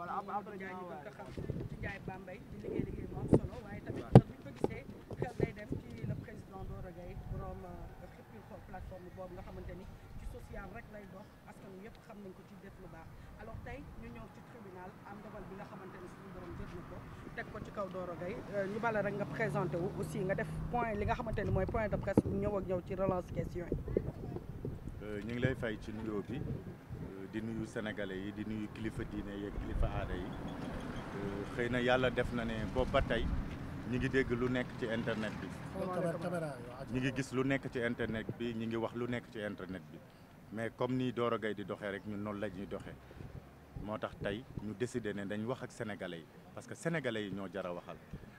voilà ab ab jaay ñu gën ko xam ci Njaay Bambey di liggéey liggéey bu am solo waaye tamit bu ñu ko gisee xel day dem ci le président Doro Gaye borom euh, xippi plateforme boobu nga xamante ni ci social rek lay dox askan wi yëpp xam nañ ko ci def lu baax alors tey ñu ñëw ci tribunal am dogal bi nga xamante ni suñu borom jël na ko teg ci kaw Doro Gaye euh, ñu bala rek nga présenté aussi nga def point li nga xamante ni mooy point de presse bu ñëw ak ñëw ci relance question yi. Euh, ñu ngi lay fay ci nuyoo bi. di nuyu sénégalais yi di nuyu kilifa diine yeeg kilifa aada yi euh, xëy na yàlla def na ne boobu ba tey ñi ngi dégg lu nekk ci internet bi ñi ngi gis lu nekk ci internet bi ñi ngi wax lu nekk ci internet bi mais comme ni Doro gay di doxee rek ñun noonu la ñuy doxee moo tax tey ñu décidé ne dañ wax ak sénégalais yi parce que sénégalais yi ñoo jar a waxal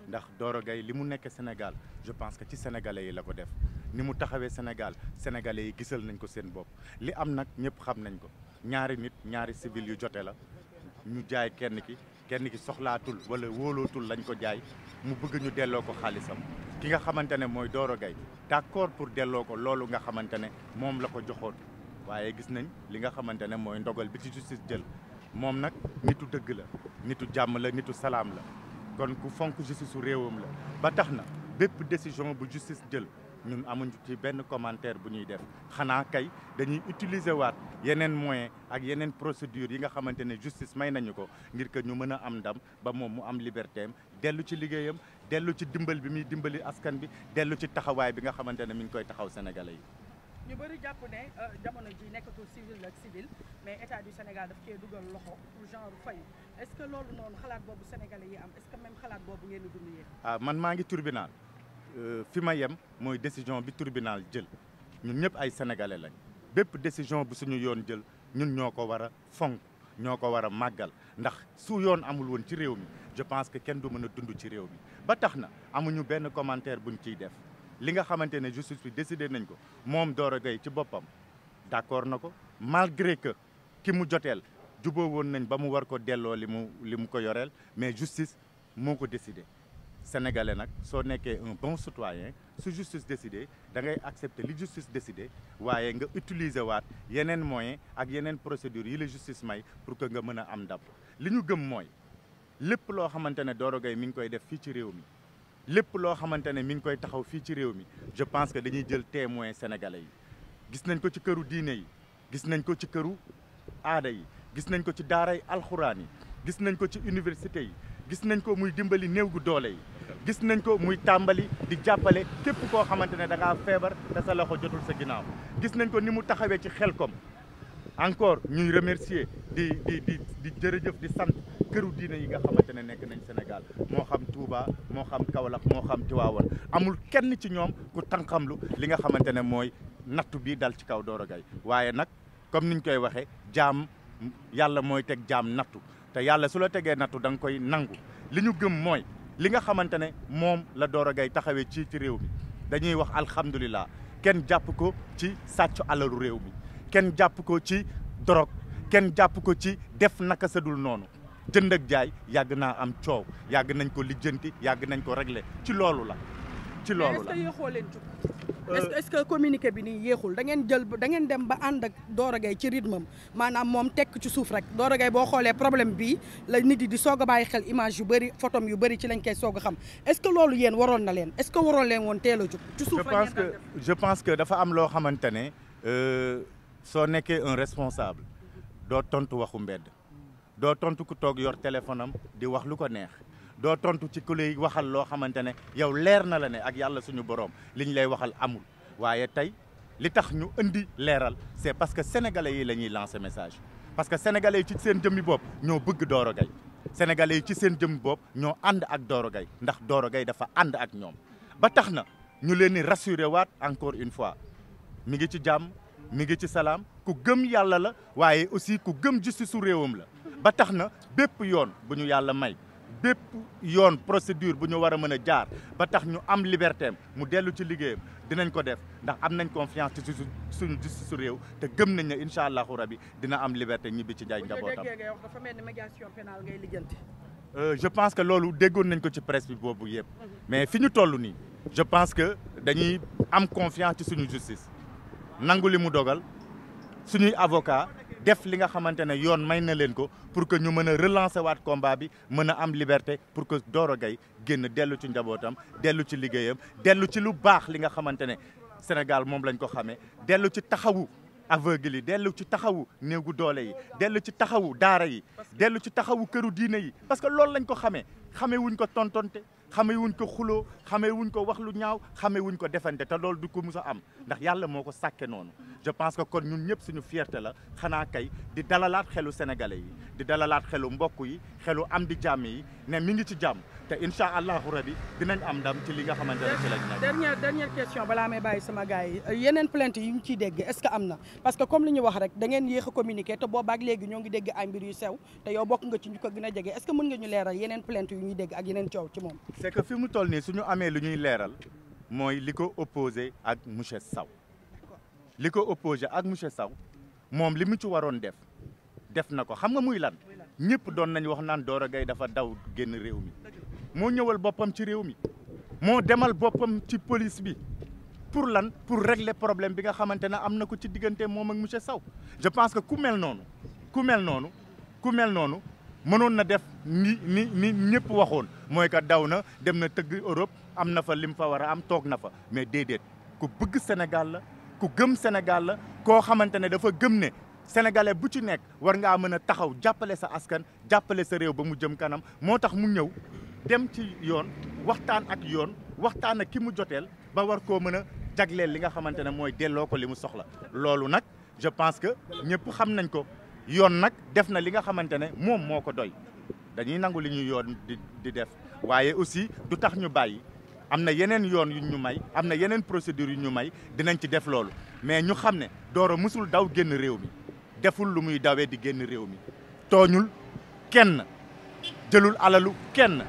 ndax Doro Gaye li mu nekk Sénégal je pense que ci sénégalais yi la ko def ni mu taxawee Sénégal sénégalais yi gisal nañ ko seen bopp li am nag ñëpp xam nañ ko ñaari nit ñaari civil yu jote la ñu jaay kenn ki kenn ki soxlaatul wala wóolootul lañ ko jaay mu bëgg ñu delloo ko xaalisam ki nga xamante ne mooy Doro Gaye d'accord pour delloo ko loolu nga xamante ne moom la ko joxoon waaye gis nañ li nga xamante ne mooy ndogal bi ci justice jël moom nag nitu dëgg la nitu jàmm la salaam la kon ku fonk justice su réewam la ba tax na bépp décision bu justice jël ñun amuñu ci benn commentaire bu ñuy def xanaa kay dañuy utiliser waat yeneen moyen ak yeneen procédure yi nga xamante ne justice may nañu ko ngir que ñu mën a am ndam ba moom mu am liberté dellu ci liggéeyam dellu ci dimbal bi muy dimbali askan bi dellu ci taxawaay bi nga xamante ne mi ngi koy taxaw sénégalais yi ñu bëri jàpp ne euh, jamono ji nekkatul civil ak civil mais état du Sénégal daf cee dugal loxo genre fayu est loolu noonu xalaat boobu sénégalais yi am est-ce xalaat boobu ngeen dund yéen. Ah, man maa ngi tribunal euh, fi ma yem mooy décision bi tribunal jël ñun ñëpp ay sénégalais lañ bépp décision bu suñu yoon jël ñun ñoo ko war a fonk ñoo ko war a màggal ndax su yoon amul woon ci réew mi je pense que kenn du mën a dund ci réew mi ba tax na amuñu benn commentaire buñ ciy def. li nga xamante ne justice bi décidé nañ ko moom Doro Gaye ci boppam d'accord na ko malgré que ki mu joteel juba woon nañ ba mu war ko delloo li mu li mu ko yoreel mais justice moo ko décidé sénégalais nag soo nekkee un bon citoyen su justice décidé da ngay accepter li justice décidé waaye nga utiliser waat yeneen moyen ak yeneen procédure yi la justice may pour que nga mën a am ndam li ñu gëm mooy lépp loo xamante ne Doro Gaye mi ngi koy def fii ci réew mi lépp loo xamante ne mi ngi koy taxaw fii ci réew mi je pense que dañuy jël témoin sénégalais yi gis nañ ko ci këru diine yi gis nañ ko ci këru aada yi gis nañ ko ci daara yi alxuraan yi gis nañ ko ci université yi gis nañ ko muy dimbali néew gu doole yi gis nañ ko muy tàmbali di jàppale képp koo xamante ne da feebar te sa loxo jotul sa ginnaaw gis nañ ko ni mu taxawee ci xel xelkom encore ñuy remercier di di di di jërëjëf di sant këru diine yi nga xamante ne nekk nañ Sénégal moo xam Touba moo xam Kaolack moo xam Tiwaawan amul kenn ci ñoom ku tànqamlu li nga xamante ne mooy nattu bii dal ci kaw Doro Gaye waaye nag comme niñ koy waxee jaam yàlla mooy teg jaam nattu te yàlla su la tegee nattu da koy nangu li ñu gëm mooy li nga xamante ne moom la Doro Gaye taxawee ci ci réew mi dañuy wax alhamdulilah kenn jàpp ko ci sàccu alalu réew mi kenn jàpp ko ci drogue kenn jàpp ko ci def naka noonu jënd ak jaay yàgg naa am coow yàgg nañ ko lijjanti yàgg nañ ko régler ci loolu la. ci loolu la mais est ce que yéexoo leen jug. Euh, est ce que communiqué bi nii yéexul da ngeen jël da ngeen dem ba ànd ak Doro Gaye ci rythme am maanaam moom tekk ci suuf rek Doro Gaye boo xoolee problème bi la nit yi di soog a bàyyi xel image yu bëri photom yu bëri ci lañ koy soog a xam est ce que loolu yéen waroon na leen est ce que waroon leen woon teel a jug. ci suuf rek je pense que je pense que dafa am loo xamante ne euh, soo nekkee un responsable doo tontu waxu mbedd. doo tontu ku toog yor téléphone am di wax lu ko neex doo tontu ci ku lay waxal loo xamante ne yow leer na la ne ak yàlla suñu boroom li ñu lay waxal amul waaye tey li tax ñu indi leeral c'est parce que sénégalais yi la ñuy lancer message parce que sénégalais yi ci seen jëmmi bopp ñoo bëgg dooro Gaye sénégalais yi ci seen jëmmi bopp ñoo ànd ak dooro Gaye ndax dooro gay dafa ànd ak ñoom ba tax na ñu leen di rassurer waat encore une fois mi ngi ci jàmm mi ngi ci salaam ku gëm yàlla la waaye aussi ku gëm justice su réewam la ba tax na bépp yoon bu ñu yàlla may bépp yoon procédure bu ñu war a mën a jaar ba tax ñu am liberté mu dellu ci liggéeyam dinañ ko def ndax am nañ confiance ci su suñu justice su réew te gëm nañ ne incha allahu rabi dina am liberté ñibbi ci njaay njabootam. dafa mel ni médiation pénale euh, je pense que loolu déggoon nañ ko ci presse bi boobu yëpp. mais fi ñu toll nii. je pense que dañuy am confiance ci suñu justice nangu li mu dogal suñuy avoca def li nga xamante ne yoon may na leen ko pour que ñu mën a relancer waat combat bi mën a am liberté pour que dooro Gaye génn dellu ci njabootam dellu ci liggéeyam dellu ci lu baax li nga xamante ne Sénégal moom lañ ko xamee dellu ci taxawu aveugle yi dellu ci taxawu néegu doole yi dellu ci taxawu daara yi dellu ci taxawu këru diine yi parce que loolu lañ ko xamee xamee wuñ ko tontonte xamee wuñ ko xuloo xamee wuñ ko wax lu ñaaw xamee wuñ ko defante te loolu du ko mus a am ndax yàlla moo ko sàkke noonu je pense que kon ñun ñëpp suñu fierté la xanaa kay di dalalaat xelu sénégalais yi di dalalaat xelu mbokk yi xelu am di jàmm yi ne mi ngi ci jàmm te incha allahu rabi dinañ am ndam ci li nga xamante ne ci lañ nekk. dernière dernière question balaa may bàyyi sama gars euh, yeneen plainte yu ñu dégg est-ce que am na parce que comme li ñu wax rek da a communiqué te boobaak léegi yeneen plainte dégg ak yeneen c'est que fi mu toll nii suñu amee lu ñuy leeral mooy li ko opposé ak monsieur saw li ko opposé ak monsieur saw moom li mu ci waroon def def na ko xam nga muy lan ñëpp doon nañ wax naan Doro Gaye dafa daw génn réew mi moo ñëwal boppam ci réew mi moo demal boppam ci police bi pour lan pour régler problème bi nga xamante ne am na ko ci diggante moom ak monsieur saw je pense que ku mel noonu ku mel noonu ku mel noonu mënoon na def ni ni ni ñëpp waxoon mooy que daw na dem na tëgg Europe am na fa lim fa war a am toog na fa mais déedéet ku bëgg Sénégal la ku gëm Sénégal la koo xamante ne dafa gëm ne sénégalais bu ci nekk war ngaa mën a taxaw jàppale sa askan jàppale sa réew ba mu jëm kanam moo tax mu ñëw dem ci yoon waxtaan ak yoon waxtaan ak ki mu joteel ba war koo mën a jagleel li nga xamante ne mooy delloo ko li mu soxla loolu nag je pense que ñëpp xam nañ ko. yoon nag def na li nga xamante ne moom moo ko doy dañuy nangu li ñu yoon di di def waaye aussi du tax ñu bàyyi am na yeneen yoon yu ñu may am na yeneen procédure yu ñu may dinañ ci def loolu mais ñu xam ne Doro mësul daw génn réew mi deful lu muy dawee di génn réew mi tooñul kenn jëlul alalu kenn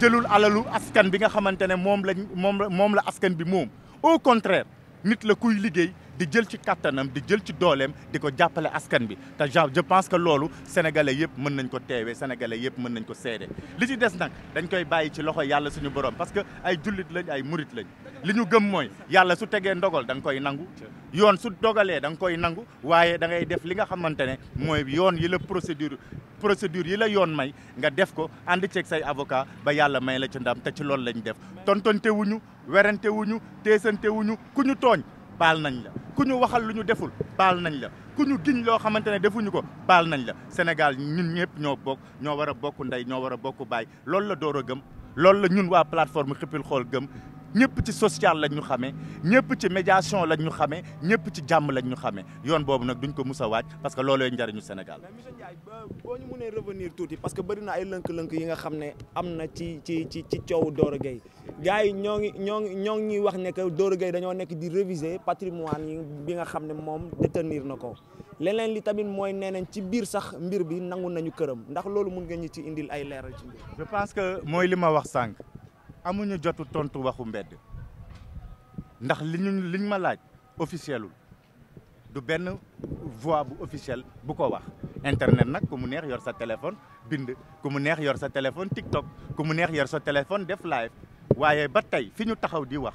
jëlul alalu askan bi nga xamante ne moom lañ moom moom la askan bi moom o contraire nit la kuy liggéey di jël ci kàttanam di jël ci dooleem di ko jàppale askan bi te je pense que loolu sénégalais yëpp mën nañ ko teewee sénégalais yëpp mën nañ ko seede li ci des nag dañ koy bàyyi ci loxo yàlla suñu borom parce que ay jullit lañ ay murit lañ li ñu gëm mooy yàlla su tegee ndogal da nga koy nangu yoon su dogalee danga koy nangu waaye dangay def li nga xamante ne mooy yoon yi la procédure procédure yi la yoon may nga def ko ànd ceeg say avocat ba yàlla may la ci ndam te ci loolu lañ def tontonte wuñu werante wuñu teesante wuñu ku ñu tooñ baal nañ la ku ñu waxal lu ñu deful paal nañ la ku ñu giñ loo xamante ne defuñu ko paal nañ la Sénégal ñun ñëpp ñoo bokk ñoo war a bokk ndey ñoo war a bokk baay loolu la door a gëm loolu la ñun waa plateforme xippil xool gëm ñëpp ci social lañ ñu xamee ñëpp ci médiation lañ ñu xamee ñëpp ci jàmm lañ ñu xamee yoon boobu nag duñ ko mus a waaj parce que loolooy njariñu Sénégal. mais boo ñu mënee revenir tuuti parce que bëri na ay lënk-lënk yi nga xam ne am na ci ci ci ci coowu Doro Gueye gars yi ñoo ngi ñoo ngi ñoo ñuy wax ne que Doro Gueye dañoo nekk di réviser patrimoine yi bi nga xam ne moom détenir na ko leneen li tamit mooy nee nañ ci biir sax mbir bi nangu nañu këram ndax loolu mun nga ñu ci indil ay leeral ci mbir. que mooy li ma wax sànq amuñu jotu tontu waxu mbedd ndax li ñu liñ ma laaj officielul du benn voix bu officiel bu ko wax internet nag ku mu neex yor sa téléphone bind ku mu neex yor sa téléphone TikTok ku mu neex yor sa téléphone def live waaye ba tey fi ñu taxaw di wax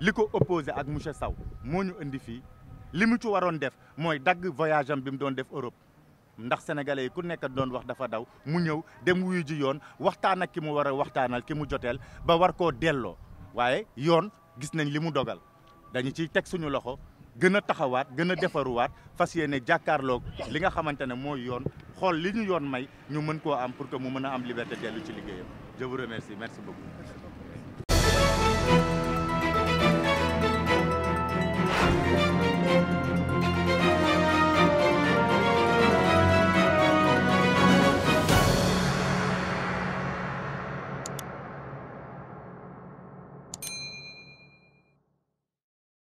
li ko opposé ak monsieur saw moo ñu indi fii li mu ci waroon def mooy dagg voyage am bi mu doon def Europe ndax sénégalais yi ku nekk doon wax dafa daw mu ñëw dem wuyu ji yoon waxtaan ak ki mu war a waxtaanal ki mu joteel ba war koo delloo waaye yoon gis nañ li mu dogal dañu ciy teg suñu loxo gën a taxawaat gën a defaruwaat fas yéene jàkkaarloog li nga xamante ne mooy yoon xool li ñu yoon may ñu mën koo am pour que mu mën a am liberté dellu ci liggéeyam je vous remercie merci beaucoup.